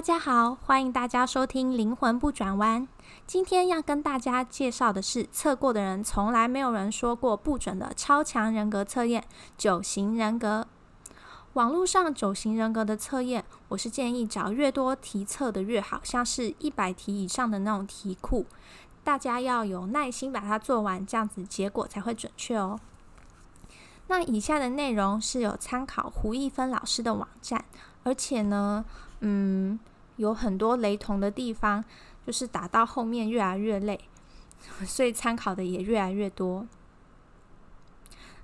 大家好，歡迎大家收聽《靈魂不轉彎》。今天要跟大家介紹的是測過的人從來沒有人說過不準的超強人格測驗——九型人格。網絡上九型人格的測驗，我是建議找越多題測的越好，像是一百題以上的那種題庫，大家要有耐心把它做完，這樣子結果才會準確哦。那以下的內容是有參考胡一芬老師的網站，而且呢，嗯。有很多雷同的地方，就是打到後面越來越累，所以參考的也越來越多。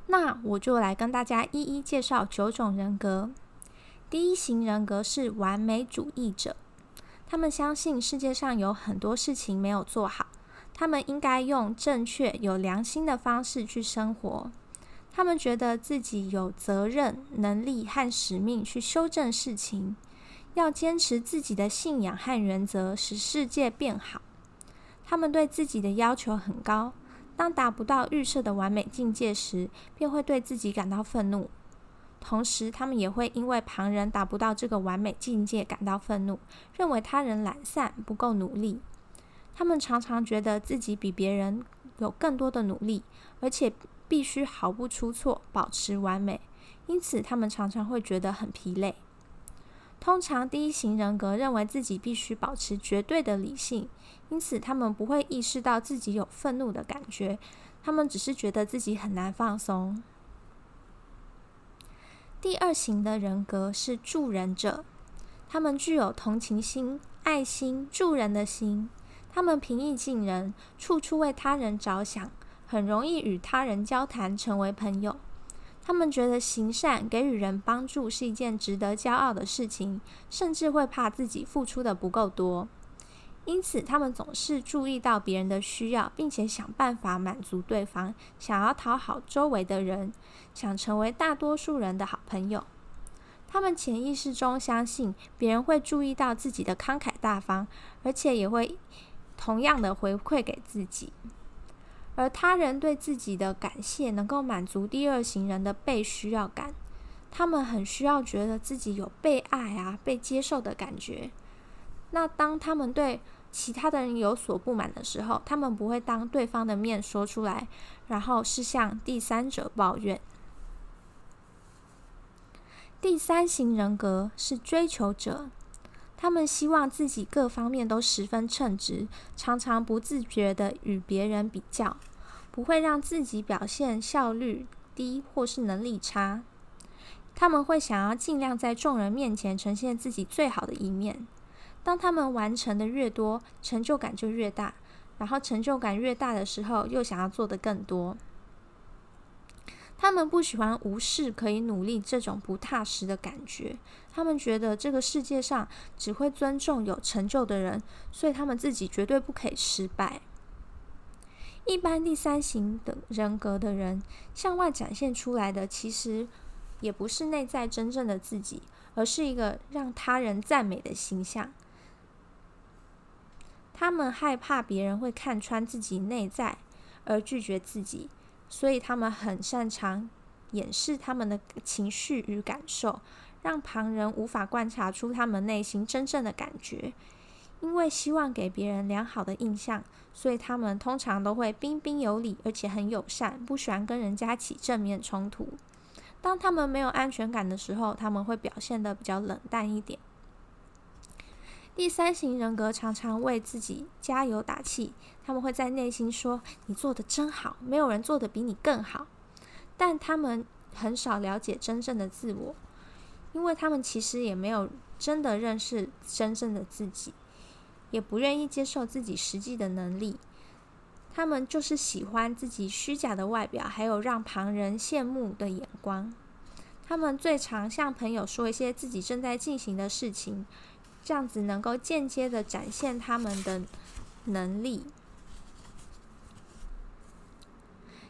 那我就來跟大家一一介紹九種人格。第一型人格是完美主義者，他們相信世界上有很多事情沒有做好，他們應該用正確、有良心的方式去生活。他們覺得自己有責任、能力和使命去修正事情。要堅持自己的信仰和原則，使世界變好。他們對自己的要求很高，當達不到預設的完美境界時，便會對自己感到憤怒。同時，他們也會因為旁人達不到這個完美境界感到憤怒，認為他人懶散，不夠努力。他們常常覺得自己比別人有更多的努力，而且必須毫不出錯，保持完美。因此，他們常常會覺得很疲累。通常第一型人格認為自己必須保持絕對的理性，因此他們不會意識到自己有憤怒的感覺，他們只是覺得自己很難放鬆。第二型的人格是助人者，他們具有同情心、愛心、助人的心，他們平易近人，處處為他人着想，很容易與他人交談，成為朋友。他們覺得行善給予人幫助是一件值得驕傲的事情，甚至會怕自己付出的不夠多，因此他們總是注意到別人的需要，並且想辦法滿足對方，想要討好周圍的人，想成為大多數人的好朋友。他們潛意識中相信別人會注意到自己的慷慨大方，而且也會同樣的回饋給自己。而他人對自己的感謝，能夠滿足第二型人的被需要感。他們很需要覺得自己有被愛啊、被接受的感覺。那當他們對其他的人有所不滿的時候，他們不會當對方的面說出來，然後是向第三者抱怨。第三型人格是追求者。他們希望自己各方面都十分稱職，常常不自覺地與別人比較，不會讓自己表現效率低或是能力差。他們會想要盡量在眾人面前呈現自己最好的一面。當他們完成得越多，成就感就越大，然後成就感越大的時候，又想要做得更多。他們不喜歡無事可以努力這種不踏實的感覺。他們覺得這個世界上只會尊重有成就的人，所以他們自己絕對不可以失敗。一般第三型的人格的人，向外展現出來的其實也不是內在真正的自己，而是一個讓他人讚美的形象。他們害怕別人會看穿自己內在而拒絕自己，所以他們很擅長，掩飾他們的情緒與感受，讓旁人無法觀察出他們內心真正的感覺。因為希望給別人良好的印象，所以他們通常都會彬彬有禮，而且很友善，不喜歡跟人家起正面衝突。當他們沒有安全感的時候，他們會表現得比較冷淡一點。第三型人格常常為自己加油打氣，他們會在內心說：“你做得真好，沒有人做得比你更好。”但他們很少了解真正的自我，因為他們其實也沒有真的認識真正的自己，也不願意接受自己實際的能力。他們就是喜歡自己虛假的外表，還有讓旁人羨慕的眼光。他們最常向朋友說一些自己正在進行的事情，這樣子能夠間接的展現他們的能力。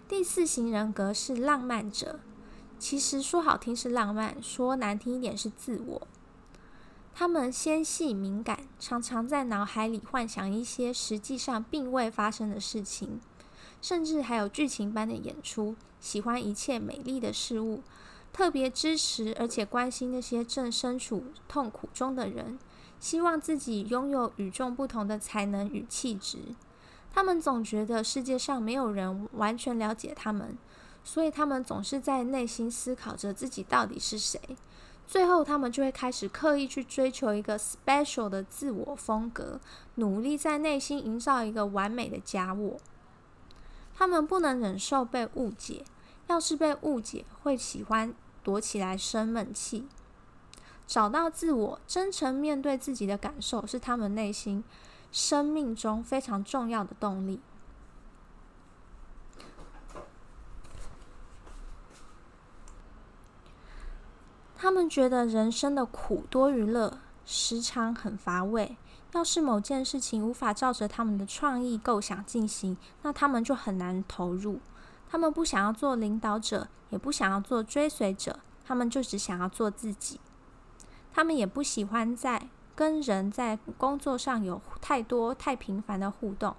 第四型人格是浪漫者，其實說好聽是浪漫，說難聽一點是自我。他們纖細敏感，常常在腦海裡幻想一些實際上並未發生的事情，甚至還有劇情般的演出。喜歡一切美麗的事物，特別支持而且關心那些正身處痛苦中的人，希望自己擁有與眾不同的才能與氣質。他們總覺得世界上沒有人完全了解他們，所以他們總是在內心思考着自己到底是誰。最後，他們就會開始刻意去追求一個 special 的自我風格，努力在內心營造一個完美的假我。他們不能忍受被誤解，要是被誤解，會喜歡躲起來生悶氣。找到自我，真誠面對自己的感受，是他們內心生命中非常重要的動力。他們覺得人生的苦多於樂，時常很乏味。要是某件事情無法照着他們的創意構想進行，那他們就很難投入。他們不想要做領導者，也不想要做追隨者，他們就只想要做自己。他們也不喜歡在。跟人在工作上有太多太頻繁的互動。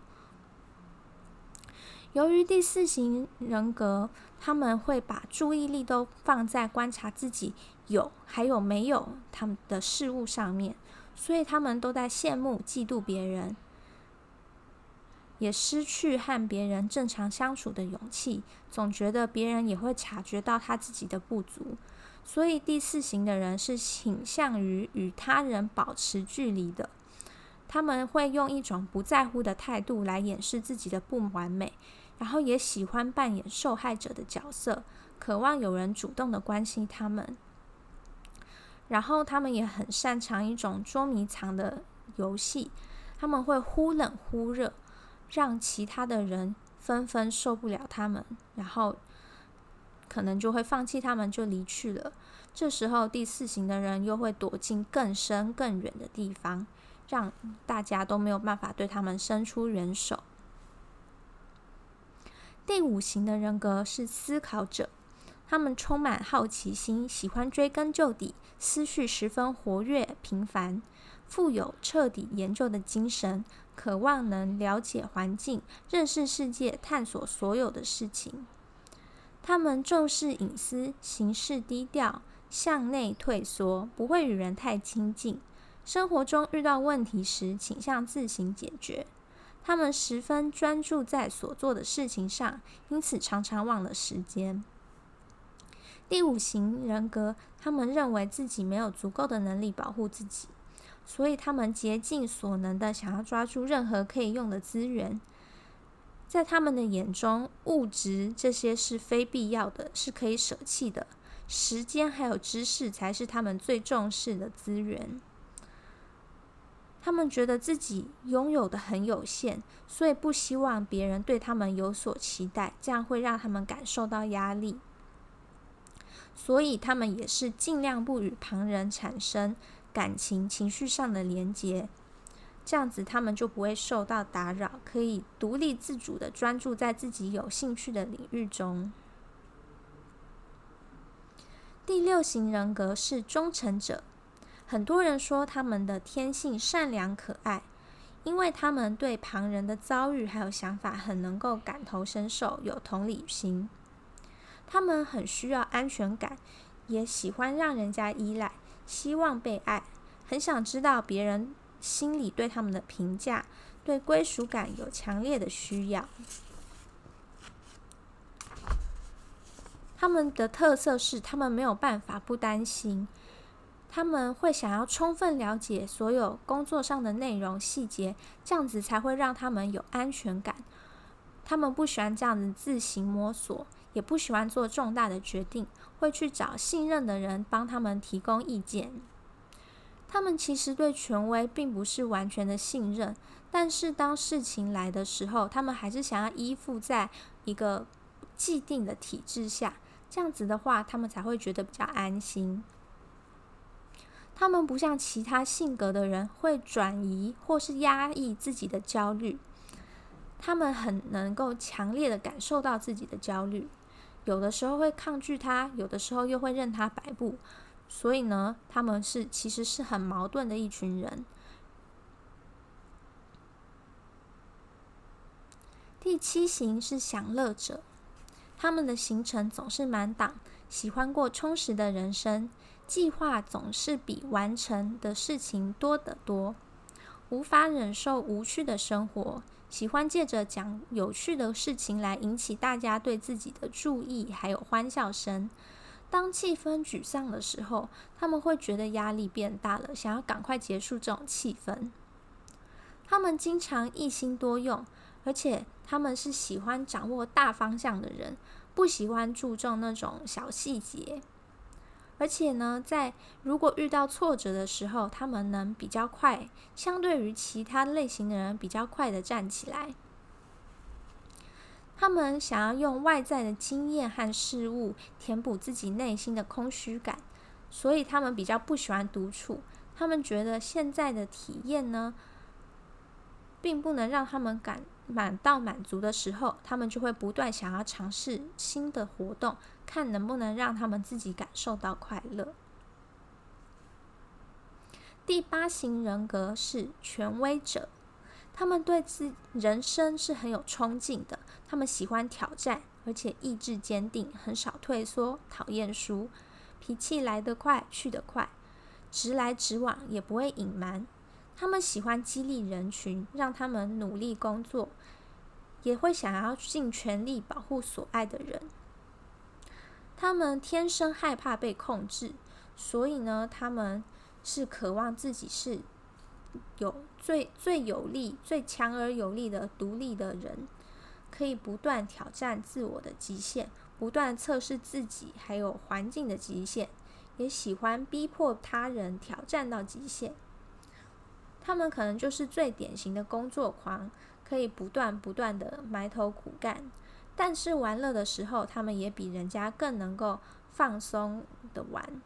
由於第四型人格，他們會把注意力都放在觀察自己有還有沒有他們的事物上面，所以他們都在羨慕嫉妒別人。也失去和別人正常相處的勇氣，總覺得別人也會察覺到他自己的不足，所以第四型的人是傾向於與他人保持距離的。他們會用一種不在乎的態度來掩飾自己的不完美，然後也喜歡扮演受害者的角色，渴望有人主動的關心他們。然後他們也很擅長一種捉迷藏的遊戲，他們會忽冷忽熱。讓其他的人紛紛受不了他們，然後可能就會放棄他們，就離去了。這時候第四型的人又會躲進更深更遠的地方，讓大家都沒有辦法對他們伸出援手。第五型的人格是思考者，他們充滿好奇心，喜歡追根究底，思緒十分活躍，頻繁。平凡富有徹底研究的精神，渴望能了解環境、認識世界、探索所有的事情。他們重視隱私，行事低調，向內退縮，不會與人太親近。生活中遇到問題時，傾向自行解決。他們十分專注在所做的事情上，因此常常忘了時間。第五型人格，他們認為自己沒有足夠的能力保護自己。所以他們竭盡所能的想要抓住任何可以用的資源，在他們的眼中，物質這些是非必要的，是可以捨棄的。時間還有知識才是他們最重視的資源。他們覺得自己擁有的很有限，所以不希望別人對他們有所期待，這樣會讓他們感受到壓力。所以他們也是盡量不與旁人產生感情、情緒上的連結，這樣子他們就不會受到打擾，可以獨立自主的專注在自己有興趣的領域中。第六型人格是忠誠者，很多人說他們的天性善良可愛，因為他們對旁人的遭遇還有想法很能夠感同身受，有同理心。他們很需要安全感，也喜歡讓人家依賴。希望被愛，很想知道別人心裡對他們的評價，對歸屬感有強烈的需要。他們的特色是，他們沒有辦法不擔心，他們會想要充分了解所有工作上的內容細節，這樣子才會讓他們有安全感。他們不喜歡這樣子自行摸索。也不喜歡做重大的決定，會去找信任的人幫他們提供意見。他們其實對權威並不是完全的信任，但是當事情來的時候，他們還是想要依附在一個既定的體制下。這樣子的話，他們才會覺得比較安心。他們不像其他性格的人會轉移或是壓抑自己的焦慮。他們很能夠強烈的感受到自己的焦慮，有的時候會抗拒他，有的時候又會任他擺布。所以呢，他們是其實是很矛盾的一群人。第七型是享樂者，他們的行程總是滿檔，喜歡過充實的人生，計劃總是比完成的事情多得多，無法忍受無趣的生活。喜歡借着講有趣的事情來引起大家對自己的注意，還有歡笑聲。當氣氛沮喪的時候，他們會覺得壓力變大了，想要趕快結束這種氣氛。他們經常一心多用，而且他們是喜歡掌握大方向的人，不喜歡注重那種小細節。而且呢，在如果遇到挫折的時候，他們能比較快，相對於其他類型的人比較快地站起來。他們想要用外在的經驗和事物填補自己內心的空虛感，所以他們比較不喜歡獨處。他們覺得現在的體驗呢，並不能讓他們感。滿到滿足的時候，他們就會不斷想要嘗試新的活動，看能不能讓他們自己感受到快樂。第八型人格是權威者，他們對自人生是很有憧憬的，他們喜歡挑戰，而且意志堅定，很少退縮，討厭輸，脾氣來得快去得快，直來直往，也不會隱瞞。他們喜歡激勵人群，讓他們努力工作，也會想要盡全力保護所愛的人。他們天生害怕被控制，所以呢，他們是渴望自己是有最最有力、最強而有力的獨立的人，可以不斷挑戰自我的極限，不斷測試自己還有環境的極限，也喜歡逼迫他人挑戰到極限。他們可能就是最典型的工作狂，可以不斷不斷的埋頭苦幹，但是玩樂的時候，他們也比人家更能夠放鬆的玩。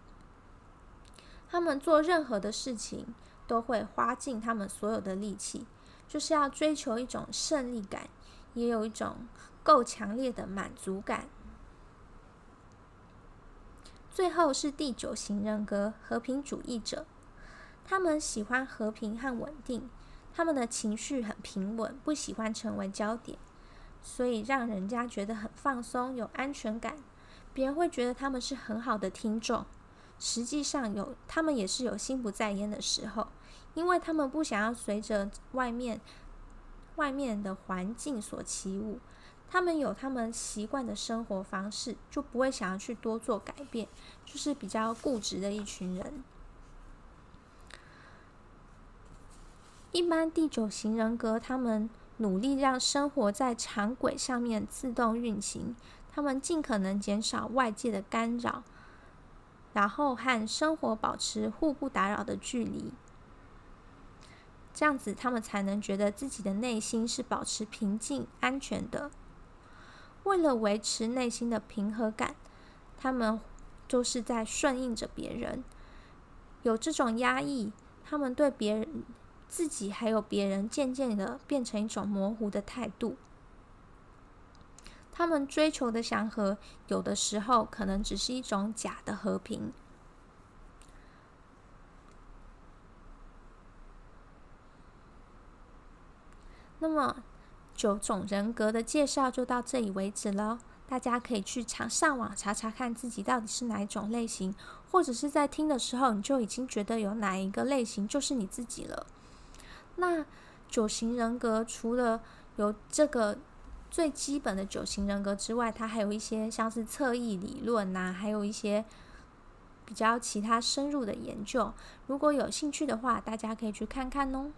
他們做任何的事情都會花盡他們所有的力氣，就是要追求一種勝利感，也有一種夠強烈的滿足感。最後是第九型人格，和平主義者。他們喜歡和平和穩定，他們的情緒很平穩，不喜歡成為焦點，所以讓人家覺得很放鬆、有安全感。別人會覺得他們是很好的聽眾，實際上有他們也是有心不在焉的時候，因為他們不想要隨着外面外面的環境所起舞，他們有他們習慣的生活方式，就不會想要去多做改變，就是比較固執的一群人。一般第九型人格，他們努力讓生活在常軌上面自動運行，他們盡可能減少外界的干擾，然後和生活保持互不打擾的距離，這樣子他們才能覺得自己的內心是保持平靜、安全的。為了維持內心的平和感，他們就是在順應着別人，有這種壓抑，他們對別人。自己還有別人，漸漸的變成一種模糊的態度。他們追求的祥和，有的時候可能只是一種假的和平。那麼，九種人格的介紹就到這裡為止了。大家可以去查，上網查查看自己到底是哪一種類型，或者是在聽的時候，你就已經覺得有哪一個類型就是你自己了。那，九型人格除了有這個最基本的九型人格之外，它還有一些像是側翼理論吶、啊，還有一些比較其他深入的研究。如果有興趣的話，大家可以去看看哦。